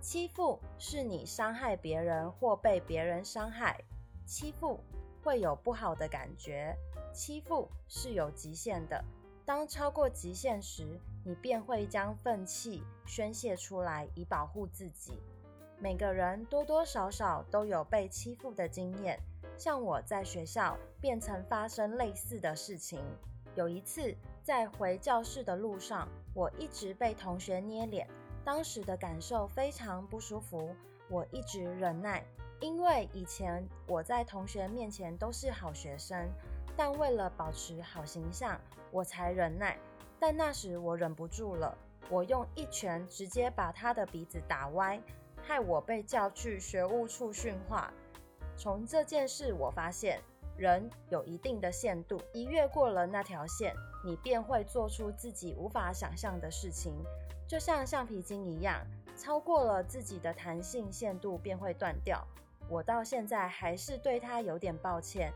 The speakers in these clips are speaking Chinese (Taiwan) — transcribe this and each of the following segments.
欺負是你傷害別人或被別人傷害，欺負會有不好的感覺。欺負是有極限的，當超過極限時，你便會將憤氣宣洩出來以保護自己。每個人多多少少都有被欺負的經驗，像我在學校便曾發生類似的事情。有一次，在回教室的路上，我一直被同學捏臉。當時的感受非常不舒服，我一直忍耐，因為以前我在同學面前都是好學生，但為了保持好形象，我才忍耐。但那時我忍不住了，我用一拳直接把他的鼻子打歪，害我被叫去學務處訓話。從這件事我發現，人有一定的限度，一越過了那條線，你便會做出自己無法想象的事情。就像橡皮筋一樣，超過了自己的彈性限度便會斷掉。我到現在還是對他有點抱歉，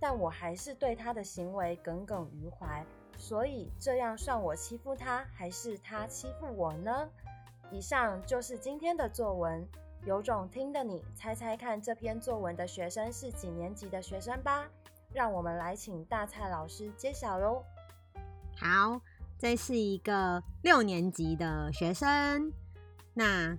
但我還是對他的行為耿耿於懷。所以這樣算我欺負他，還是他欺負我呢？以上就是今天的作文。有種聽的你猜猜看，這篇作文的學生是幾年級的學生吧？讓我們來請大蔡老師揭曉囉。好，這是一個六年級的學生。那。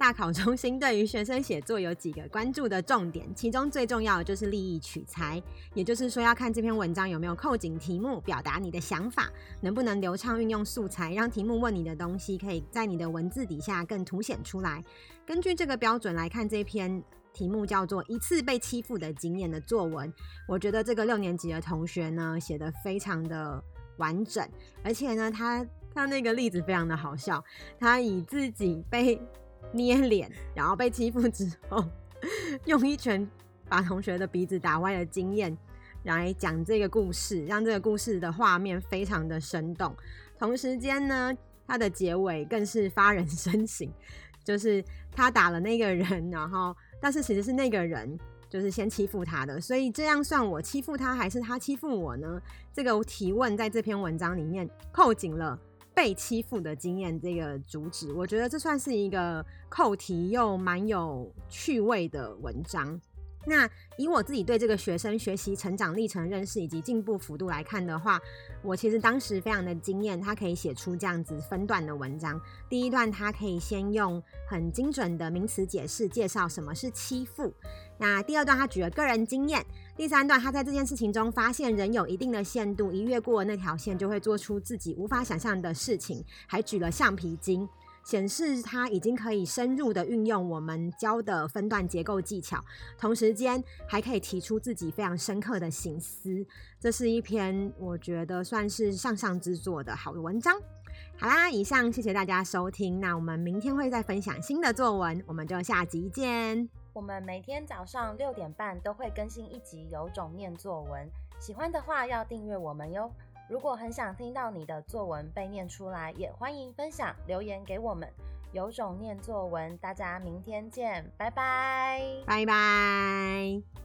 大考中心對於學生寫作有幾個關注的重點，其中最重要的就是立意取材，也就是說要看這篇文章有沒有扣緊題目，表達你的想法，能不能流暢運用素材，讓題目問你的東西可以在你的文字底下更凸顯出來。根據這個標準來看，這篇題目叫做《一次被欺負的經驗》的作文，我覺得這個六年級的同學呢，寫的非常的完整，而且呢，他他那個例子非常的好笑，他以自己被捏臉，然後被欺負之後，用一拳把同學的鼻子打歪的經驗來講這個故事，讓這個故事的畫面非常的生動。同時間呢，他的結尾更是發人深省，就是他打了那個人，然後但是其實是那個人就是先欺負他的，所以這樣算我欺負他，還是他欺負我呢？這個提問在這篇文章裡面扣緊了。被欺負的經驗這個主旨，我覺得這算是一個扣題又蠻有趣味的文章。那以我自己對這個學生學習成長歷程的認識以及進步幅度來看的話，我其實當時非常的驚豔，他可以寫出這樣子分段的文章。第一段他可以先用很精準的名詞解釋介紹什麼是欺負。那第二段他舉了個人經驗，第三段他在這件事情中發現人有一定的限度，一越過那條線就會做出自己無法想象的事情，還舉了橡皮筋。顯示他已經可以深入的運用我們教的分段結構技巧，同時間還可以提出自己非常深刻的省思，這是一篇我覺得算是上上之作的好的文章。好啦，以上謝謝大家收聽，那我們明天會再分享新的作文，我們就下集見。我們每天早上六點半都會更新一集《有種念作文》，喜歡的話要訂閱我們喲。如果很想聽到你的作文被念出來，也歡迎分享留言給我們。有種念作文，大家明天見，拜拜，拜拜。